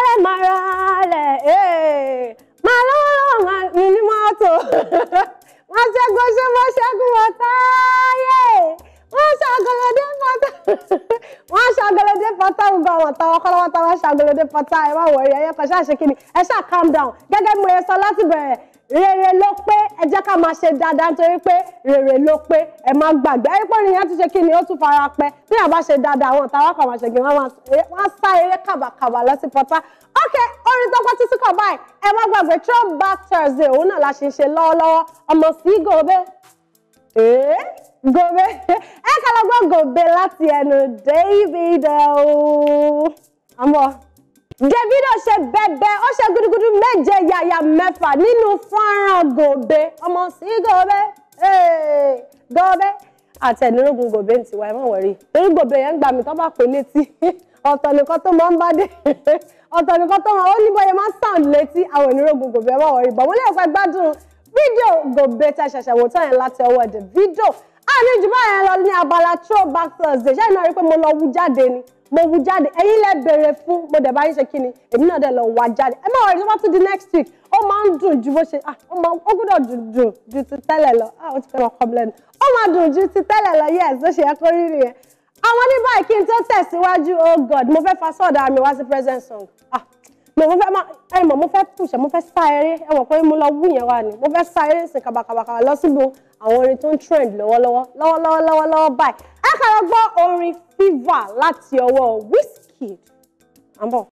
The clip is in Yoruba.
márẹ̀ mara lẹ̀ eh. máa lọ́wọ́ mi ní mọ́tò wọ́n ṣẹ́gun ṣé wọ́n ṣẹ́gun wọ́n táyé wọ́n ṣàgọ́lọ́dé pátá wọ́n ṣàgọ́lọ́dé pátá gbogbo àwọn àtàwọn ọkọ́lọ́wọ́ táwọn ṣàgọ́lọ́dé pátá ẹ má calm down gẹ́gẹ́ bí mo bwe sọ láti bẹ̀rẹ̀ ẹ jẹ́ ká máa ṣe dáadáa nítorí pé rere ló pé ẹ má gbàgbé ẹ pé ènìyàn ti ṣe kí ni ó tún fara pẹ́ bí àbá ṣe dáadáa àwọn ọ̀tá wákà máa ṣe gbé wọn wọn sá eré kàbàkàbà lọ sí pọ́tà ok orin tó pọ́ títí kọ̀ báyìí ẹ má gbàgbé throwback thursday òun náà la ṣe ṣe lọ́wọ́lọ́wọ́ ọmọ sí gòbé ee eh? ẹ kà gbọ́ gòbé láti ẹnu Davido àmọ́. Davido ṣe bẹ̀bẹ̀ ó ṣe gudugudu méje yàyà mẹ́fà nínú fọ́nrán gòbe ọmọ sí gòbe gòbe àtẹnirógun gòbe ń tiwa ẹ mọ̀ wẹ̀rí torí gòbe yẹn ń gbà mí tó bá pè létí ọ̀tọ̀ nìkan tó máa ń bá dé ọ̀tọ̀ nìkan tó máa ó ní bóyá máa ń sound létí àwọn enirógun gòbe ẹ mọ̀ wẹ̀rí bọ̀ mo lè fẹ́ gbádùn fídíò gòbe tá a ṣẹ̀ṣẹ̀ wò tán yẹn láti ọwọ́ Davido àní jùmọ̀ yẹn lọ ní abala throwback Thursday ṣáà iná rí pé mo lọ wú jáde ni mo wu jáde ẹ̀yin lẹ bèrè fún mo dẹ̀ bá yín ṣe kíni èmi náà dẹ̀ lọ wá jáde ẹ má wà ní wọ́n tún di next week ó máa ń dùn ju bó ṣe ah, ó gbọ́dọ̀ dùn ju ti tẹ́lẹ̀ lọ ah, ó ti fẹ́ wọn kọ́ bílẹ̀ nù ó máa dùn ju ti tẹ́lẹ̀ lọ yes ló ṣe yẹ kó rí nìyẹn àwọn ní báyìí kí n tó tẹ̀síwájú oh God mo fẹ́ fa sọ́ọ̀dà mi wá sí present song ah mọ mo fɛ ma ẹ mọ mo fɛ pùṣẹ mo fɛ sá eré ẹ mọ pé mo lọ wú yẹn wà ní mo fɛ sá eré kabakabaka kàbàkàbàkàbà lọ síbi àwọn orin tó ń trend lọ́wọ́lọ́wọ́ lọ́wọ́lọ́wọ́ lọ́wọ́lọ́wọ́ báyìí akara gbọ́ orin fever láti ọwọ́ whiskey. àbọ.